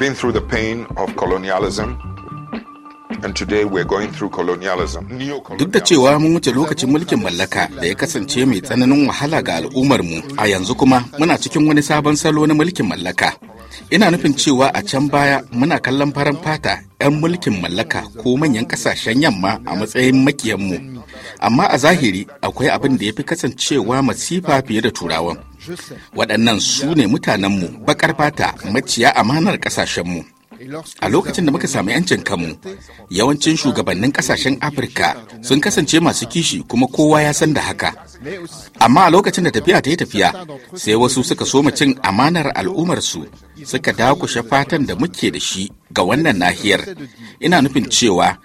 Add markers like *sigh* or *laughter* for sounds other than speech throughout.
been through the pain of colonialism. Duk da cewa mun wuce lokacin mulkin mallaka da ya kasance mai tsananin wahala ga al'ummar mu a yanzu kuma muna cikin wani sabon salo na mulkin mallaka. Ina nufin cewa a can baya muna kallon farin fata 'yan mulkin mallaka ko manyan kasashen yamma a matsayin makiyanmu. amma a zahiri akwai abin da ya fi kasancewa masifa fiye da turawan waɗannan su ne mutanenmu baƙar fata maciya amanar ƙasashenmu a lokacin da muka sami 'yancin kanmu yawancin shugabannin ƙasashen afirka sun kasance masu kishi kuma kowa ya san da haka amma a lokacin da tafiya ta yi tafiya sai wasu suka soma cin amanar al'ummarsu suka dakushe fatan da muke da shi ga wannan nahiyar ina nufin cewa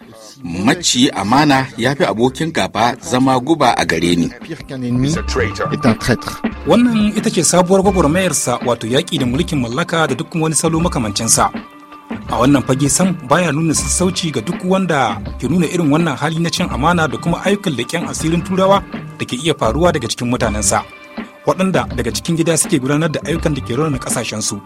maci amana ya fi abokin gaba zama guba a gare ni. Wannan ita ce sabuwar gwagwarmayarsa wato yaƙi da mulkin mallaka da duk wani salo makamancinsa. A wannan fage sam baya nuna sassauci ga duk wanda ke nuna irin wannan hali na cin amana da kuma ayyukan leƙen asirin turawa da ke iya faruwa daga cikin mutanensa. waɗanda daga cikin gida suke gudanar da ayyukan da ke raunana ƙasashensu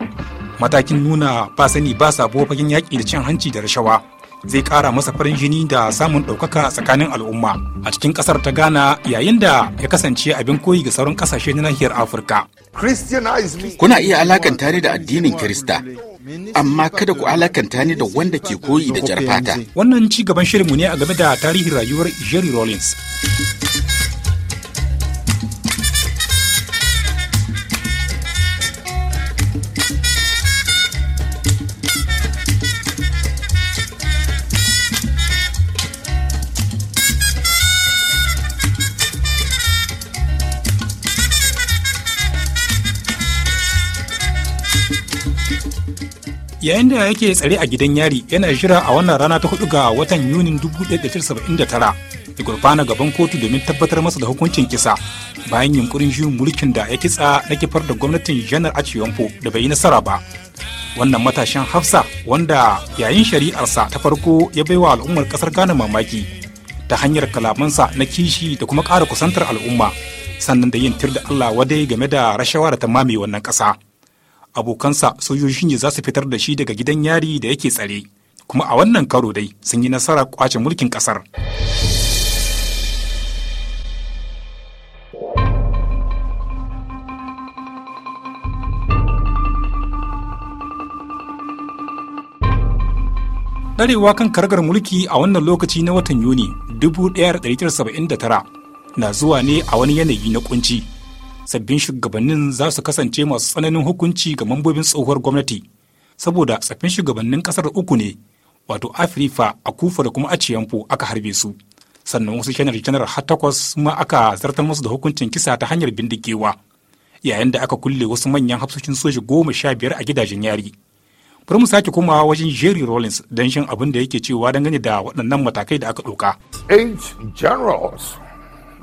matakin nuna ba sani ba sabuwar fagen yaƙi da cin hanci da rashawa zai ƙara masa farin jini da samun ɗaukaka tsakanin al'umma a cikin ƙasar ta ghana yayin da ya kasance abin koyi ga sauran ƙasashe na nahiyar afirka kuna iya alakanta ni da addinin kirista amma kada ku alakanta ni da wanda ke koyi da jarfata wannan ci gaban shirinmu ne a game da tarihin rayuwar jerry rollins yayin da yake tsare a gidan yari yana jira a wannan rana ta hudu ga watan yunin 1979 ya gurfana gaban kotu domin tabbatar masa da hukuncin kisa bayan yunkurin juyin mulkin da ya kitsa na kifar da gwamnatin janar aciyonfo da bai yi nasara ba wannan matashin hafsa wanda yayin shari'arsa ta farko ya bai wa al'ummar kasar ghana mamaki ta hanyar kalamansa na kishi da kuma ƙara kusantar al'umma sannan da yin tir da allah wadai game da rashawa da ta mame wannan ƙasa. abokansa sojoji ne za su fitar da shi daga gidan yari da yake tsare kuma a wannan karo dai sun yi nasara kwace mulkin kasar ɗarewa kan karagar mulki a wannan lokaci na watan yuni 1979 na zuwa ne a wani yanayi na kunci sabbin shugabannin za su kasance masu tsananin hukunci ga mambobin tsohuwar gwamnati saboda sabbin shugabannin kasar uku ne wato afirifa kufa da kuma aciyanfo aka harbe su sannan wasu shanar janar har takwas ma aka zartar musu da hukuncin kisa ta hanyar bindigewa yayin da aka kulle wasu manyan hafsoshin soji goma sha biyar a gidajen yari bari mu sake kuma wajen jerry rollins don shin abin da yake cewa dangane da waɗannan matakai da aka ɗauka.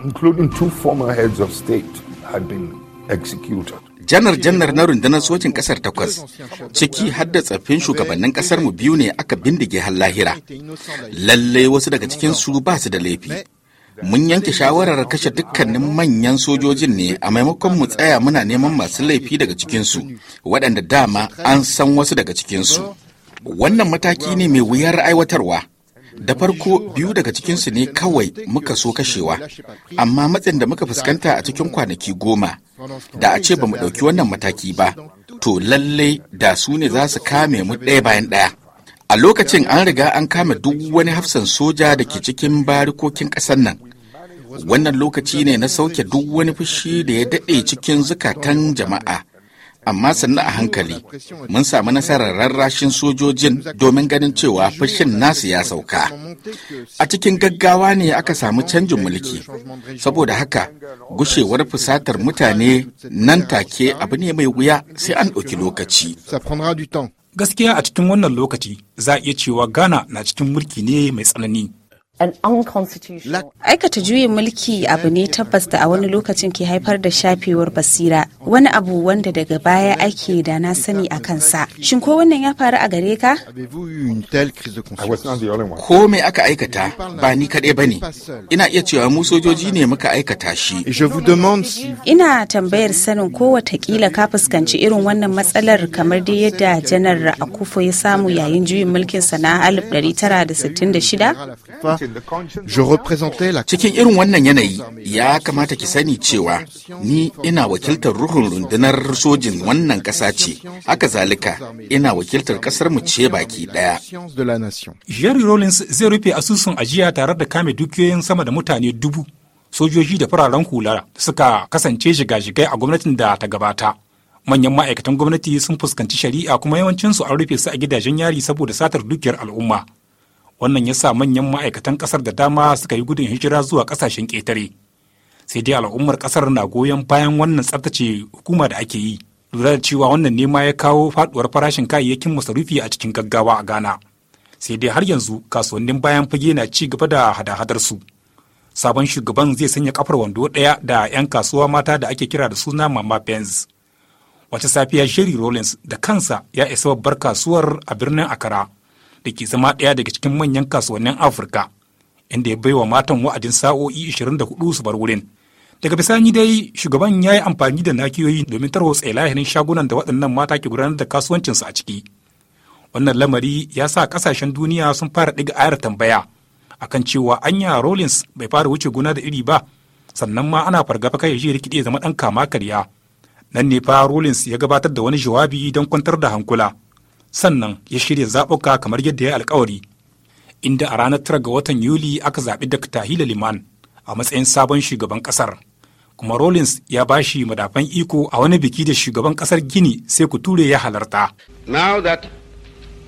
including two former heads of state, had been executed. janar-janar na rundunar sojin kasar takwas ciki har da tsaffin shugabannin kasar mu biyu ne aka bindige har lahira lalle wasu daga cikin su ba su da laifi mun yanke shawarar kashe dukkanin manyan sojojin ne a maimakon mu tsaya muna neman masu laifi daga cikinsu waɗanda dama an san wasu daga cikinsu wannan mataki ne mai wuyar aiwatarwa da farko biyu daga cikinsu ne kawai muka so kashewa amma matsin da muka fuskanta a cikin kwanaki goma da a ce ba mu ɗauki wannan mataki ba to lallai da su ne za su kame mu ɗaya bayan ɗaya a lokacin an riga an kama duk wani hafsan soja da ke cikin barikokin ƙasar nan wannan lokaci ne na sauke duk wani fushi da ya daɗe cikin zukatan jama'a amma sannu a hankali mun samu nasarar rarrashin sojojin domin ganin cewa fushin nasu ya sauka a cikin gaggawa ne aka samu canjin mulki saboda haka gushewar fusatar mutane nan take abu ne mai wuya sai an ɗauki lokaci gaskiya a cikin wannan lokaci za a iya cewa ghana na cikin mulki ne mai tsanani Aikata juyin mulki abu ne tabbas da a wani lokacin ke haifar da shafewar basira wani abu wanda daga baya ake da na sani a kansa. Shin ko wannan ya faru a gare ka? Ko me aka aikata ba ni kaɗai ba ne. Ina iya cewa mu sojoji ne muka aikata shi. Ina tambayar sanin ko watakila ka fuskanci irin wannan matsalar kamar dai yadda janar Akufo ya samu yayin juyin mulkin sana'a 1966? Je représentais la... Cikin irin wannan yanayi ya kamata ki sani cewa ni ina wakiltar ruhun rundunar sojin wannan ƙasa ce, haka zalika ina wakiltar ƙasar mu ce baki ɗaya. Jerry Rollins zai rufe asusun ajiya tare da kame dukiyoyin sama da mutane dubu sojoji da fararen hula suka kasance shiga-shigai a gwamnatin da ta gabata. manyan ma'aikatan gwamnati sun fuskanci shari'a kuma yawancinsu an rufe su a gidajen yari saboda satar dukiyar al'umma wannan ya sa manyan ma'aikatan kasar da dama suka yi gudun hijira zuwa kasashen ƙetare sai dai al'ummar kasar na goyon bayan wannan tsabtace hukuma da ake yi lura da cewa wannan nema ya kawo faduwar farashin kayayyakin masarufi a cikin gaggawa a ghana sai dai har yanzu kasuwannin bayan fage na ci gaba da hada-hadar su sabon shugaban zai sanya kafar wando ɗaya da 'yan kasuwa mata da ake kira da suna mama pens wata safiya sherry rollins da kansa ya isa babbar kasuwar a birnin akara da ke zama ɗaya daga cikin manyan kasuwannin afirka inda ya baiwa matan wa'adin sa'o'i da hudu su bar wurin daga bisani dai shugaban ya yi amfani da nakiyoyi domin tarwatsa lahirin shagunan da waɗannan mata ke gudanar da kasuwancinsu a ciki wannan lamari ya sa ƙasashen duniya sun fara ɗiga ayar tambaya akan cewa anya rollins bai fara wuce gona da iri ba sannan ma ana fargaba kai shi rikide zama ɗan kama karya nan ne fa rollins ya gabatar da wani jawabi don kwantar da hankula sannan ya shirya zaɓuka kamar yadda ya alkawari inda a ranar tara ga watan yuli aka zaɓi dr hila liman a matsayin sabon shugaban ƙasar kuma rollins ya ba shi madafan iko a wani biki da shugaban ƙasar gini sai ku ture ya halarta now that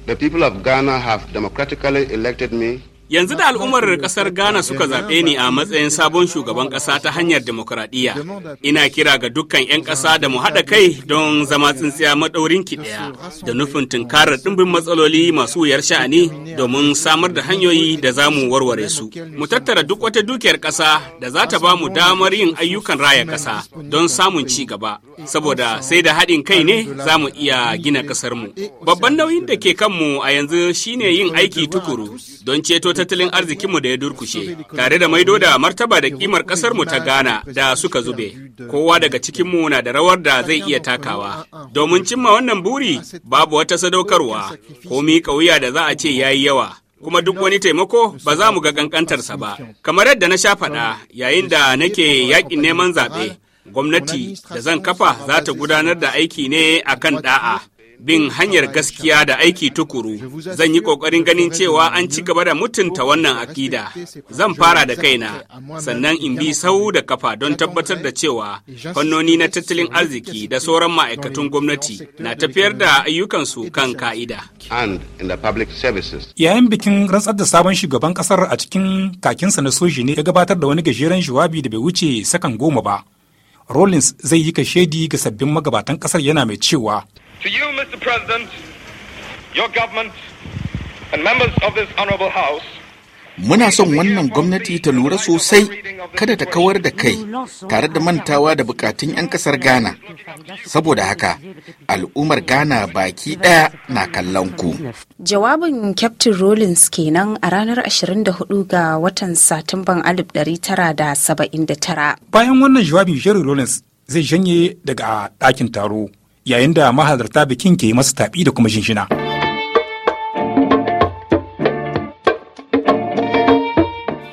the people of ghana have democratically elected me Yanzu da al'ummar kasar Ghana suka zaɓe ni a matsayin sabon shugaban ƙasa ta hanyar demokradiyya. Ina kira ga dukkan 'yan ƙasa da mu haɗa kai don zama tsintsiya maɗaurin ki ɗaya da nufin tunkarar ɗimbin matsaloli masu wuyar sha'ani domin samar da hanyoyi da za mu warware su. Mu tattara duk wata dukiyar ƙasa da za ta ba mu damar yin ayyukan raya ƙasa don samun ci gaba. Saboda sai da haɗin kai ne za mu iya gina ƙasarmu. Babban nauyin da ke kanmu a yanzu shine yin aiki tukuru don ceto tattalin arzikinmu da ya durkushe, tare da maido da martaba da kimar ƙasarmu ta gana da suka zube. Kowa daga cikinmu na da rawar da zai iya takawa. Domin cimma wannan buri, babu wata sadaukarwa, ko miƙa wuya da za a ce ya yi yawa. kuma duk wani taimako ba za mu ga ƙanƙantarsa ba. Kamar yadda na sha faɗa yayin da nake yaƙin neman zaɓe, gwamnati da zan kafa za ta gudanar da aiki ne a kan ɗa'a. bin hanyar gaskiya da aiki tukuru zan yi ƙoƙarin ganin cewa an ci gaba da mutunta wannan akida zan fara da kaina sannan in bi sau da kafa don tabbatar da cewa fannoni na tattalin arziki da sauran ma'aikatun gwamnati na tafiyar da ayyukansu kan ka'ida yayin bikin rantsar da sabon shugaban kasar a cikin kakinsa na soji ne ya gabatar da wani gajeren jawabi da bai wuce sakan goma ba rollins zai yi ka kashedi ga sabbin magabatan kasar yana mai cewa To you, Mr. President, your government, and members of this honorable House, Muna son wannan gwamnati ta lura sosai kada ta kawar da kai tare da mantawa da bukatun 'yan kasar Ghana. Saboda haka, al'ummar Ghana baki ɗaya na kallon ku. Jawabin Captain Rollins kenan a ranar 24 ga watan Satumban 1979. Bayan wannan jawabin Jerry Rollins zai janye daga ɗakin taro. yayin da mahalarta bikin ke masa taɓi da kuma shinshina.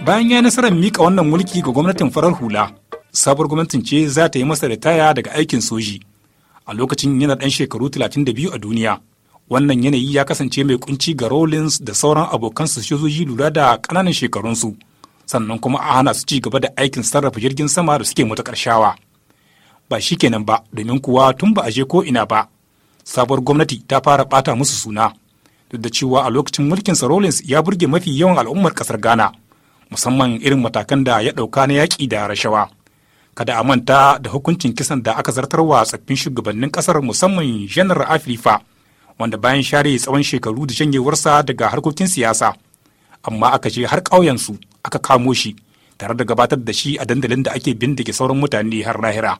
Bayan ya nasarar mika wannan mulki ga gwamnatin farar hula, sabuwar gwamnatin ce za ta yi masa ritaya daga aikin soji. A lokacin yana ɗan shekaru 32 a duniya. Wannan yanayi ya kasance mai kunci ga Rawlins da sauran abokan sojoji lura da ƙananan shekarunsu, sannan kuma a hana su ci gaba da aikin sarrafa jirgin sama da suke matuƙar shawa. ba shi kenan ba domin kuwa tun ba a je ko ina ba sabuwar gwamnati ta fara bata musu suna duk da cewa a lokacin mulkin Rollins ya burge mafi yawan al'ummar kasar Ghana musamman irin matakan da ya ɗauka na yaƙi da rashawa kada a manta da hukuncin kisan da aka zartar wa tsaffin shugabannin kasar musamman janar afirifa wanda bayan share tsawon shekaru da janyewarsa daga harkokin siyasa amma aka je har ƙauyensu aka kamo shi tare da gabatar da shi a dandalin da ake bindige sauran mutane har lahira.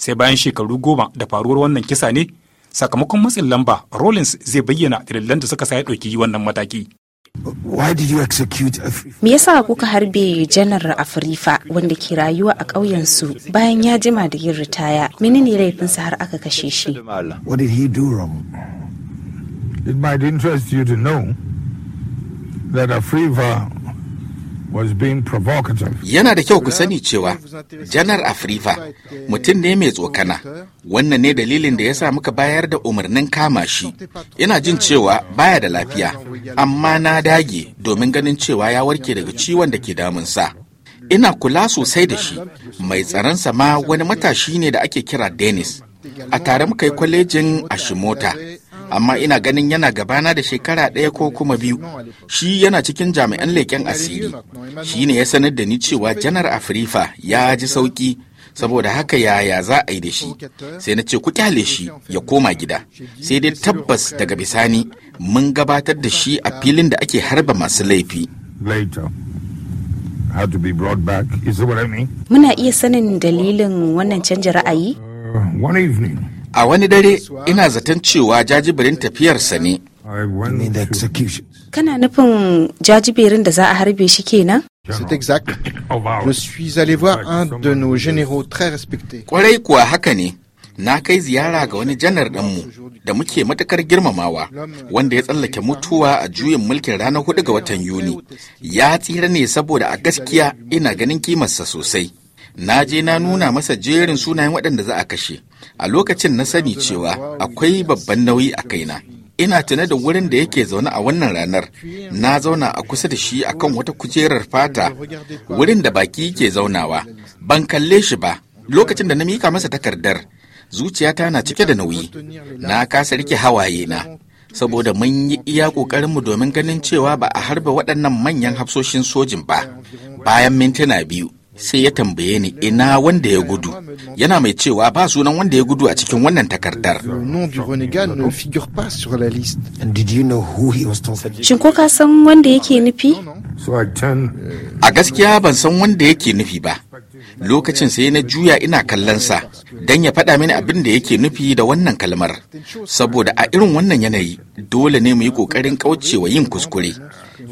sai bayan shekaru goma da faruwar wannan kisa ne sakamakon matsin lamba rollins zai bayyana dalilan da suka sa ɗauki wannan mataki Me yasa kuka harbe janar Afrifa wanda ke rayuwa a ƙauyensu bayan ya jima da yin ritaya? Menene laifinsa har aka kashe shi? It might interest you to know that Yana da kyau ku sani cewa Janar Afrifa mutum ne mai tsokana, wannan ne dalilin da ya sa muka bayar da umarnin kama shi. Ina jin cewa baya da lafiya, amma na dage domin ganin cewa ya warke daga ciwon da ke damunsa. Ina kula sosai da shi, mai tsaronsa ma wani matashi ne da ake kira Dennis. A tare muka yi kwalejin Ashimota. amma ina ganin yana gabana da shekara ɗaya ko kuma biyu shi yana cikin jami'an leƙen asiri shi ne ya sanar da ni cewa janar afrifa ya ji sauƙi saboda haka yaya za a yi da shi sai na ce ku kyale shi ya koma gida sai dai tabbas daga bisani mun gabatar da shi a filin da ake harba masu laifi Muna iya sanin dalilin wannan canja ra'ayi? Uh, A wani dare ina zaton cewa jajibirin tafiyarsa ne. Kana nufin jajibirin da za a harbe shi kenan? Kwarai kuwa haka ne. Na kai ziyara ga wani janar mu da muke matakar girmamawa wanda ya tsallake mutuwa a juyin mulkin ranar hudu ga watan Yuni. Ya tsira ne saboda a gaskiya ina ganin kimarsa sosai. na je na nuna masa jerin sunayen waɗanda za a kashe a lokacin na sani cewa akwai babban nauyi a kaina ina tuna da wurin da yake zaune a wannan ranar na zauna a kusa da shi akan wata kujerar fata wurin da baki ke zaunawa ban kalle shi ba lokacin da na mika masa takardar zuciyata na cike da nauyi na kasa rike hawaye na saboda mun yi iya ƙoƙarinmu domin ganin cewa ba a harba waɗannan manyan hafsoshin sojin ba bayan mintuna biyu sai ya tambaye ni ina wanda ya gudu yana mai cewa ba sunan wanda ya gudu a cikin wannan takardar shin ko ka san wanda yake nufi a gaskiya ban san wanda yake nufi ba lokacin sai na juya ina kallon sa don ya faɗa mini abin da yake nufi da wannan kalmar saboda a irin wannan yanayi dole ne mu yi ƙoƙarin kaucewa yin kuskure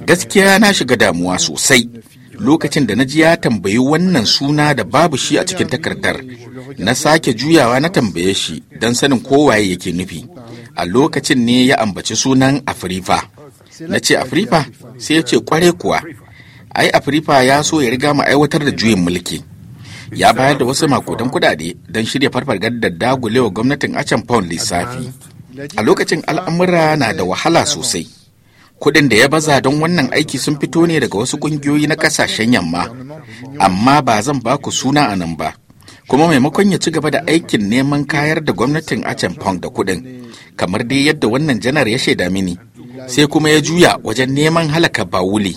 gaskiya na shiga damuwa sosai lokacin da na ji ya tambayi wannan suna da babu shi a cikin takardar na sake juyawa na tambaye shi don sanin kowaye yake nufi a lokacin ne ya ambaci sunan afirifa na ce afirifa sai ya ce kware kuwa ai afirifa ya so ya riga mu aiwatar da juyin mulki ya bayar da wasu makudan kudade don shirya farfargar da dagulewa gwamnatin can pound lissafi a lokacin al'amura na da wahala sosai Kuɗin da ya baza don wannan aiki sun fito ne daga wasu ƙungiyoyi na ƙasashen yamma, amma ba zan ba ku suna a nan ba. Kuma maimakon ya ci gaba da aikin neman kayar da gwamnatin Achen da kuɗin, kamar dai yadda wannan janar ya shaida mini. Sai kuma ya juya wajen neman halaka Bawuli,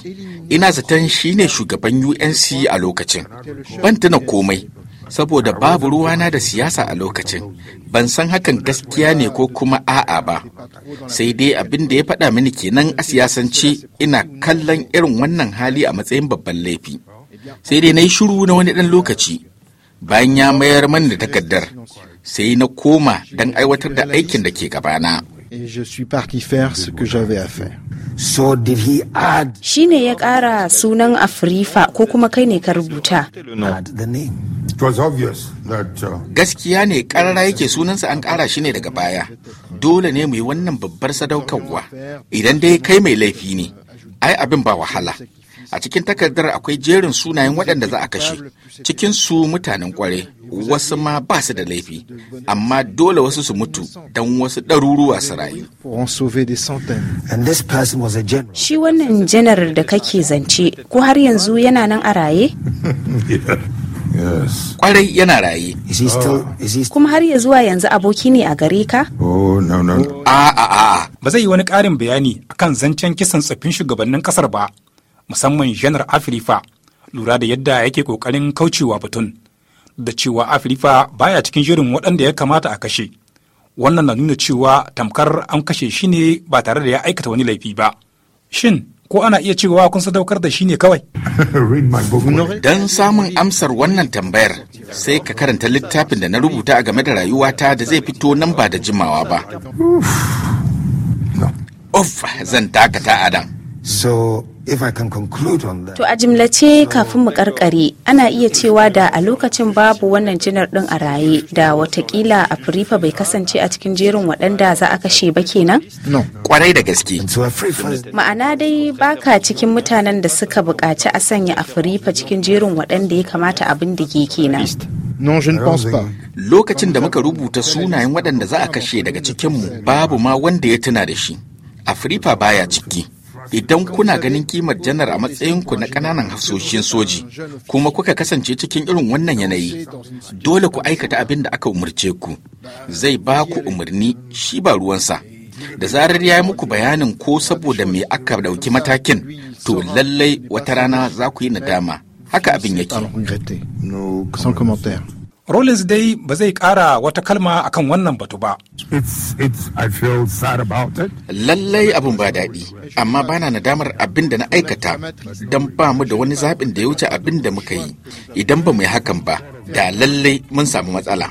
ina zaton shine shugaban UNC a lokacin. Ban tuna komai, saboda babu ruwana da siyasa a lokacin ban san hakan gaskiya ne ko kuma a'a ba sai dai abin da ya faɗa mini kenan a siyasance ina kallon irin wannan hali a matsayin babban laifi sai dai na yi shuru na wani ɗan lokaci bayan ya mayar mani da takardar sai na koma don aiwatar da aikin da ke gabana. So Shi ne ya ƙara sunan Afrifa ko kuma kai ne ka rubuta. Uh, Gaskiya ne ƙarara yake sunansa an ƙara shi ne daga baya. Dole ne mu yi wannan babbar sadaukarwa idan dai kai mai laifi ne. Ai abin ba wahala. A cikin takardar akwai jerin sunayen waɗanda za a kashe, cikin su mutanen kware wasu ma ba su da laifi, amma dole wasu su mutu don wasu ɗaruruwa su rayu. Shi wannan janar da kake zance, ko har yanzu yana nan a raye? *laughs* *laughs* kwarai yana raye oh. kuma har ya zuwa yanzu aboki ne a gare ka a a a ba zai yi wani ƙarin bayani akan zancen kisan tsaffin shugabannin ƙasar ba musamman janar afirifa lura da yadda yake ƙoƙarin kaucewa batun da cewa afirifa baya cikin shirin waɗanda ya kamata a kashe wannan na nuna cewa tamkar an kashe shi ne ba tare da ya aikata wani laifi ba shin ko ana iya cewa kun sadaukar da shi ne kawai *laughs* *laughs* don samun amsar wannan tambayar sai ka karanta littafin da na rubuta a game da rayuwata da zai fito nan ba da jimawa ba Uff, zan dakata adam To a jimlace kafin mu karkare ana iya cewa da a lokacin babu wannan jinar din a raye da watakila Afirifa bai kasance a cikin jerin waɗanda za a kashe ba kenan? No, kwarai da gaske. Ma'ana dai baka cikin mutanen da suka buƙaci a sanya Afirifa cikin jerin waɗanda ya kamata abin da ke kenan. Non, je ne pense pas. Lokacin da muka rubuta sunayen waɗanda za a kashe daga cikinmu babu ma wanda ya tuna da shi. Afirifa baya ciki. Idan kuna ganin kimar janar a matsayinku na kananan hafsoshin soji, kuma kuka kasance cikin irin wannan yanayi, dole ku aikata abin da aka umarce ku. Zai ba ku umarni shi ba ruwansa. Da zarar ya yi muku bayanin ko saboda mai aka ɗauki matakin, to lallai wata rana za ku yi nadama. Haka abin yake. Rollins dai ba zai kara wata kalma akan wannan batu ba. Lallai abin ba daɗi, amma bana nadamar abin da na aikata don ba mu da wani zaɓin da ya wuce abin da muka yi. Idan ba mu yi hakan ba, da lallai mun samu matsala.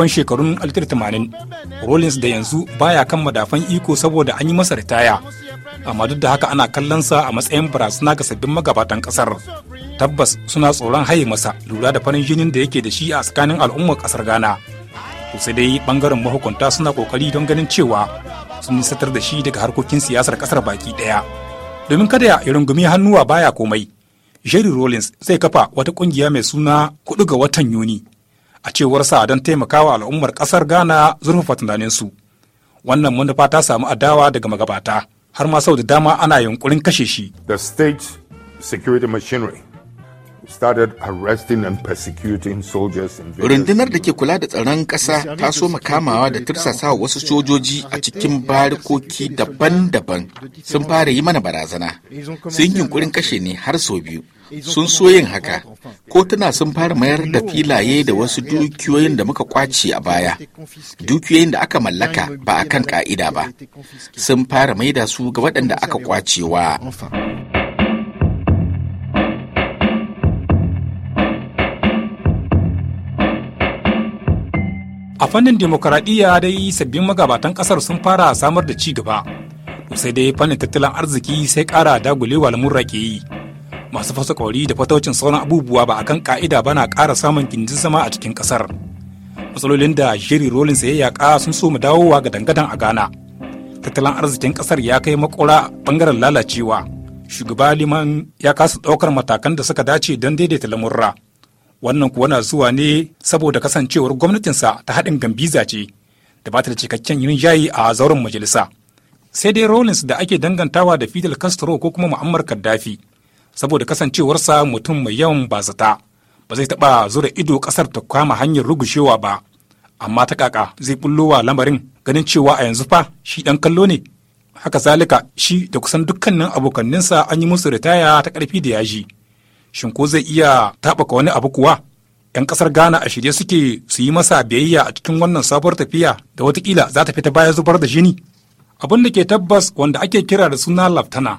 farkon shekarun 1980 rollins da yanzu baya kan madafan iko saboda an yi masa ritaya amma duk da haka ana kallonsa a matsayin barazana ga sabbin magabatan kasar tabbas suna tsoron haye masa lura da farin jinin da yake da shi a tsakanin al'ummar kasar ghana sai dai bangaren mahukunta suna kokari don ganin cewa sun nisatar da shi daga harkokin siyasar kasar baki daya domin kada ya rungumi hannuwa baya komai jerry rollins zai kafa wata kungiya mai suna kudu ga watan yuni a cewarsa don taimakawa al'ummar ƙasar ghana zurfafa tunaninsu wannan manufa ta samu adawa daga magabata har ma sau da dama ana yunkurin kashe shi the state security machinery Rundunar da ke kula da tsaron ƙasa ta so makamawa da tirsasa wasu sojoji a cikin barikoki daban-daban sun fara yi mana barazana. Sun yunkurin kashe ne har sau biyu. Sun so yin haka, kotuna sun fara mayar da filaye da wasu dukiyoyin da muka kwace a baya, dukiyoyin da aka mallaka ba a kan ka'ida ba, sun fara mai da su ga waɗanda aka kwacewa. a fannin demokaradiyya dai sabbin magabatan kasar sun fara samar da ci gaba sai dai fannin tattalin arziki sai kara dagulewa lamurra ke yi masu fasa da fataucin sauran abubuwa ba a kan ka'ida ba na kara samun gindin sama a cikin kasar matsalolin da jerry rolin ya yaka sun so mu dawowa ga dangadan a ghana tattalin arzikin kasar ya kai makora bangaren lalacewa shugaba liman ya kasa ɗaukar matakan da suka dace don daidaita lamurra wannan kuwa na zuwa ne saboda kasancewar gwamnatinsa ta haɗin gambiza ce da bata da cikakken yin yayi a zauren majalisa sai dai rawlins da ake dangantawa da fidel castro ko kuma mu'ammar kaddafi saboda kasancewarsa mutum mai yawan bazata ba zai taɓa zura ido ƙasar ta kama hanyar rugushewa ba amma ta ƙaƙa zai bullowa lamarin ganin cewa a yanzu fa shi ɗan kallo ne haka zalika shi da kusan dukkanin abokanninsa an yi musu ritaya ta ƙarfi da yaji. shin ko zai iya taɓaka wani abu kuwa? 'Yan ƙasar Ghana a shirye suke su yi masa biyayya a cikin wannan sabuwar tafiya da watakila za ta fita baya zubar da jini. Abin da ke tabbas wanda ake kira da suna laftana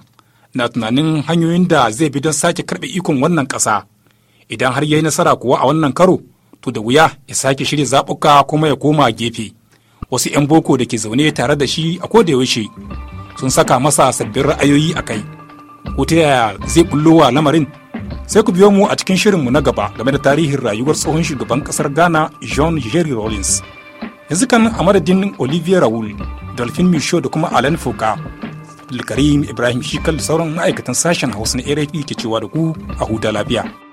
na tunanin hanyoyin da zai bi don sake karɓe ikon wannan ƙasa. Idan har ya yi nasara kuwa a wannan karo, to da wuya ya sake shirya zaɓuka kuma ya koma gefe. Wasu 'yan boko da ke zaune tare da shi a yaushe sun saka masa sabbin ra'ayoyi a kai. Ko ta yaya zai wa lamarin sai ku biyo mu a cikin shirinmu na gaba game da tarihin rayuwar tsohon shugaban kasar ghana john jerry rollins yanzu kan a madadin olivier raul dolphin michaud da kuma alan foka Abdulkarim Ibrahim Shikal da sauran ma'aikatan sashen Hausa na ke cewa da ku a huta lafiya.